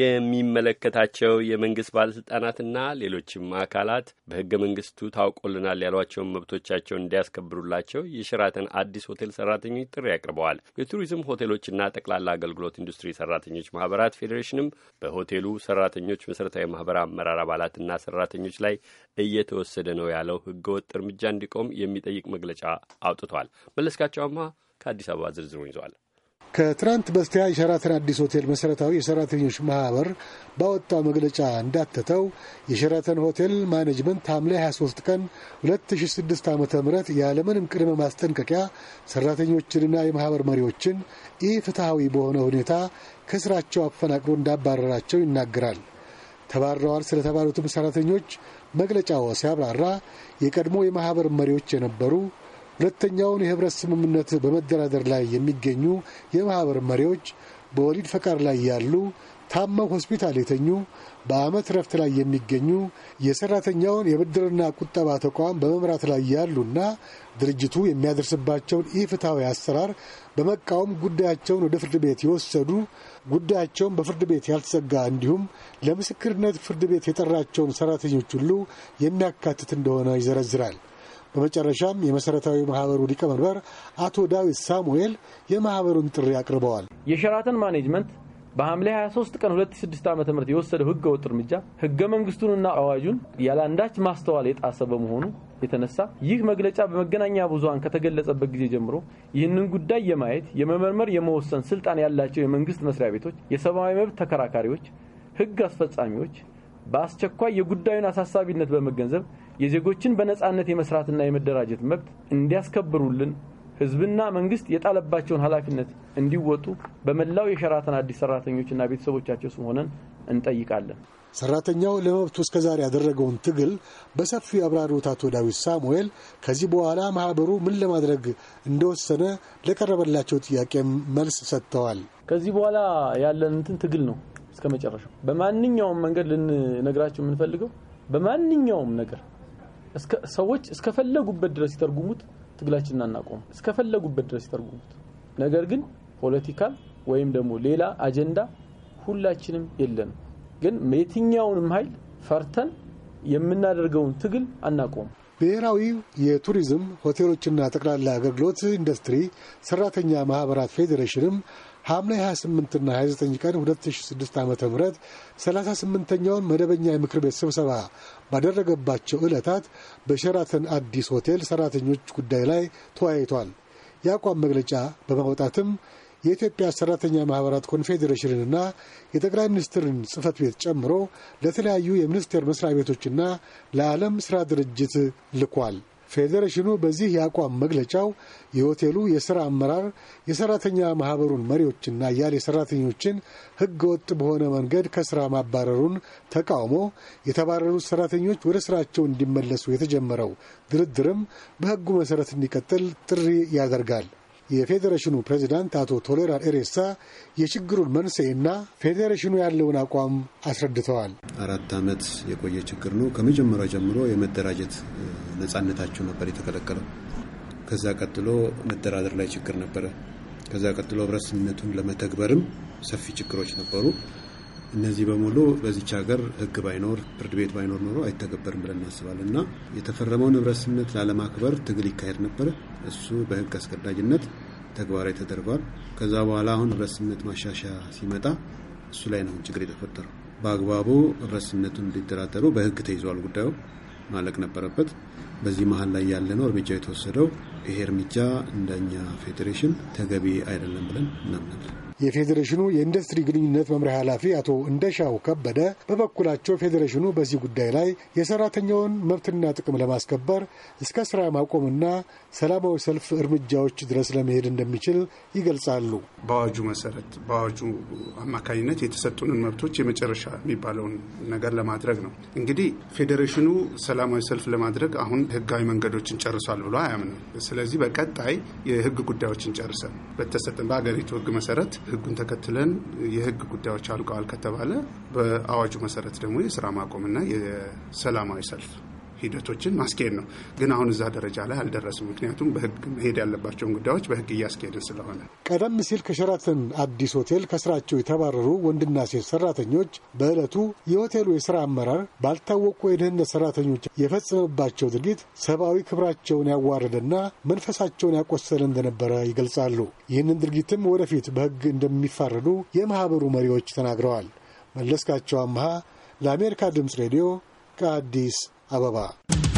የሚመለከታቸው የመንግስት ባለስልጣናትና ሌሎችም አካላት በህገ መንግስቱ ታውቆልናል ያሏቸውን መብቶቻቸውን እንዲያስከብሩላቸው የሸራተን አዲስ ሆቴል ሰራተኞች ጥሪ አቅርበዋል። የቱሪዝም ሆቴሎችና ጠቅላላ አገልግሎት ኢንዱስትሪ ሰራተኞች ማህበራት ፌዴሬሽንም በሆቴሉ ሰራተኞች መሠረታዊ ማህበር አመራር አባላትና ሰራተኞች ላይ እየተወሰደ ነው ያለው ህገወጥ እርምጃ እንዲቆም የሚጠይቅ መግለጫ አውጥቷል። መለስካቸውማ ከአዲስ አበባ ዝርዝሩን ይዟል። ከትናንት በስቲያ የሸራተን አዲስ ሆቴል መሠረታዊ የሠራተኞች ማኅበር ባወጣው መግለጫ እንዳተተው የሸራተን ሆቴል ማኔጅመንት ሐምሌ 23 ቀን 2006 ዓ ም ያለምንም ቅድመ ማስጠንቀቂያ ሠራተኞችንና የማኅበር መሪዎችን ይህ ፍትሐዊ በሆነ ሁኔታ ከሥራቸው አፈናቅሎ እንዳባረራቸው ይናገራል። ተባረዋል ስለተባሉትም ሠራተኞች መግለጫው ሲያብራራ የቀድሞ የማኅበር መሪዎች የነበሩ ሁለተኛውን የህብረት ስምምነት በመደራደር ላይ የሚገኙ የማህበር መሪዎች፣ በወሊድ ፈቃድ ላይ ያሉ፣ ታመው ሆስፒታል የተኙ፣ በአመት ረፍት ላይ የሚገኙ፣ የሰራተኛውን የብድርና ቁጠባ ተቋም በመምራት ላይ ያሉና ድርጅቱ የሚያደርስባቸውን ኢፍትሐዊ አሰራር በመቃወም ጉዳያቸውን ወደ ፍርድ ቤት የወሰዱ ጉዳያቸውን በፍርድ ቤት ያልተዘጋ እንዲሁም ለምስክርነት ፍርድ ቤት የጠራቸውን ሰራተኞች ሁሉ የሚያካትት እንደሆነ ይዘረዝራል። በመጨረሻም የመሰረታዊ ማህበሩ ሊቀመንበር አቶ ዳዊት ሳሙኤል የማህበሩን ጥሪ አቅርበዋል። የሸራተን ማኔጅመንት በሐምሌ 23 ቀን 2006 ዓ ም የወሰደው ህገ ወጥ እርምጃ ህገ መንግስቱንና አዋጁን ያለአንዳች ማስተዋል የጣሰ በመሆኑ የተነሳ ይህ መግለጫ በመገናኛ ብዙሀን ከተገለጸበት ጊዜ ጀምሮ ይህንን ጉዳይ የማየት የመመርመር፣ የመወሰን ስልጣን ያላቸው የመንግስት መስሪያ ቤቶች፣ የሰብአዊ መብት ተከራካሪዎች፣ ህግ አስፈጻሚዎች በአስቸኳይ የጉዳዩን አሳሳቢነት በመገንዘብ የዜጎችን በነጻነት የመስራትና የመደራጀት መብት እንዲያስከብሩልን ህዝብና መንግስት የጣለባቸውን ኃላፊነት እንዲወጡ በመላው የሸራተን አዲስ ሰራተኞችና ቤተሰቦቻቸው ስም ሆነን እንጠይቃለን። ሰራተኛው ለመብቱ እስከዛሬ ያደረገውን ትግል በሰፊው ያብራሩት አቶ ዳዊት ሳሙኤል ከዚህ በኋላ ማህበሩ ምን ለማድረግ እንደወሰነ ለቀረበላቸው ጥያቄ መልስ ሰጥተዋል። ከዚህ በኋላ ያለን እንትን ትግል ነው እስከ መጨረሻው በማንኛውም መንገድ ልንነግራቸው የምንፈልገው በማንኛውም ነገር ሰዎች እስከፈለጉበት ድረስ ይተርጉሙት፣ ትግላችንን አናቆም። እስከፈለጉበት ድረስ ይተርጉሙት። ነገር ግን ፖለቲካል ወይም ደግሞ ሌላ አጀንዳ ሁላችንም የለንም። ግን የትኛውንም ኃይል ፈርተን የምናደርገውን ትግል አናቆም። ብሔራዊ የቱሪዝም ሆቴሎችና ጠቅላላ አገልግሎት ኢንዱስትሪ ሰራተኛ ማህበራት ፌዴሬሽንም ሐምሌ 28ና 29 ቀን 2006 ዓ ም 38ኛውን መደበኛ የምክር ቤት ስብሰባ ባደረገባቸው ዕለታት በሸራተን አዲስ ሆቴል ሠራተኞች ጉዳይ ላይ ተወያይቷል። የአቋም መግለጫ በማውጣትም የኢትዮጵያ ሰራተኛ ማህበራት ኮንፌዴሬሽንና የጠቅላይ ሚኒስትርን ጽህፈት ቤት ጨምሮ ለተለያዩ የሚኒስቴር መስሪያ ቤቶችና ለዓለም ሥራ ድርጅት ልኳል። ፌዴሬሽኑ በዚህ የአቋም መግለጫው የሆቴሉ የሥራ አመራር የሠራተኛ ማኅበሩን መሪዎችና አያሌ ሠራተኞችን ሕገ ወጥ በሆነ መንገድ ከሥራ ማባረሩን ተቃውሞ የተባረሩት ሠራተኞች ወደ ሥራቸው እንዲመለሱ የተጀመረው ድርድርም በሕጉ መሠረት እንዲቀጥል ጥሪ ያደርጋል። የፌዴሬሽኑ ፕሬዚዳንት አቶ ቶሌራ ኤሬሳ የችግሩን መንስኤና ፌዴሬሽኑ ያለውን አቋም አስረድተዋል። አራት ዓመት የቆየ ችግር ነው። ከመጀመሪያው ጀምሮ የመደራጀት ነጻነታቸው ነበር የተከለከለው። ከዛ ቀጥሎ መደራደር ላይ ችግር ነበረ። ከዛ ቀጥሎ ህብረት ስምምነቱን ለመተግበርም ሰፊ ችግሮች ነበሩ። እነዚህ በሙሉ በዚች ሀገር ህግ ባይኖር ፍርድ ቤት ባይኖር ኖሮ አይተገበርም ብለን እናስባለን እና የተፈረመውን ህብረት ስምምነት ላለማክበር ትግል ይካሄድ ነበረ። እሱ በህግ አስገዳጅነት ተግባራዊ ተደርጓል። ከዛ በኋላ አሁን ህብረት ስምምነት ማሻሻያ ሲመጣ እሱ ላይ ነው ችግር የተፈጠረው። በአግባቡ ህብረት ስምምነቱን እንዲደራደሩ በህግ ተይዟል ጉዳዩ ማለቅ ነበረበት። በዚህ መሀል ላይ ያለ ነው እርምጃ የተወሰደው። ይሄ እርምጃ እንደኛ ፌዴሬሽን ተገቢ አይደለም ብለን እናምናለን። የፌዴሬሽኑ የኢንዱስትሪ ግንኙነት መምሪያ ኃላፊ አቶ እንደሻው ከበደ በበኩላቸው ፌዴሬሽኑ በዚህ ጉዳይ ላይ የሰራተኛውን መብትና ጥቅም ለማስከበር እስከ ስራ ማቆምና ሰላማዊ ሰልፍ እርምጃዎች ድረስ ለመሄድ እንደሚችል ይገልጻሉ። በአዋጁ መሰረት በአዋጁ አማካኝነት የተሰጡንን መብቶች የመጨረሻ የሚባለውን ነገር ለማድረግ ነው። እንግዲህ ፌዴሬሽኑ ሰላማዊ ሰልፍ ለማድረግ አሁን ህጋዊ መንገዶችን ጨርሷል ብሎ አያምንም። ስለዚህ በቀጣይ የህግ ጉዳዮችን ጨርሰን በተሰጠን በሀገሪቱ ህግ መሰረት ህጉን ተከትለን የህግ ጉዳዮች አልቀዋል ከተባለ በአዋጁ መሰረት ደግሞ የስራ ማቆምና የሰላማዊ ሰልፍ ሂደቶችን ማስኬድ ነው። ግን አሁን እዛ ደረጃ ላይ አልደረስም። ምክንያቱም በህግ መሄድ ያለባቸውን ጉዳዮች በህግ እያስኬድን ስለሆነ። ቀደም ሲል ከሸራተን አዲስ ሆቴል ከስራቸው የተባረሩ ወንድና ሴት ሰራተኞች በዕለቱ የሆቴሉ የስራ አመራር ባልታወቁ የደህንነት ሰራተኞች የፈጸመባቸው ድርጊት ሰብአዊ ክብራቸውን ያዋረደና መንፈሳቸውን ያቆሰለ እንደነበረ ይገልጻሉ። ይህንን ድርጊትም ወደፊት በህግ እንደሚፋረዱ የማህበሩ መሪዎች ተናግረዋል። መለስካቸው አምሃ ለአሜሪካ ድምፅ ሬዲዮ ከአዲስ አበባ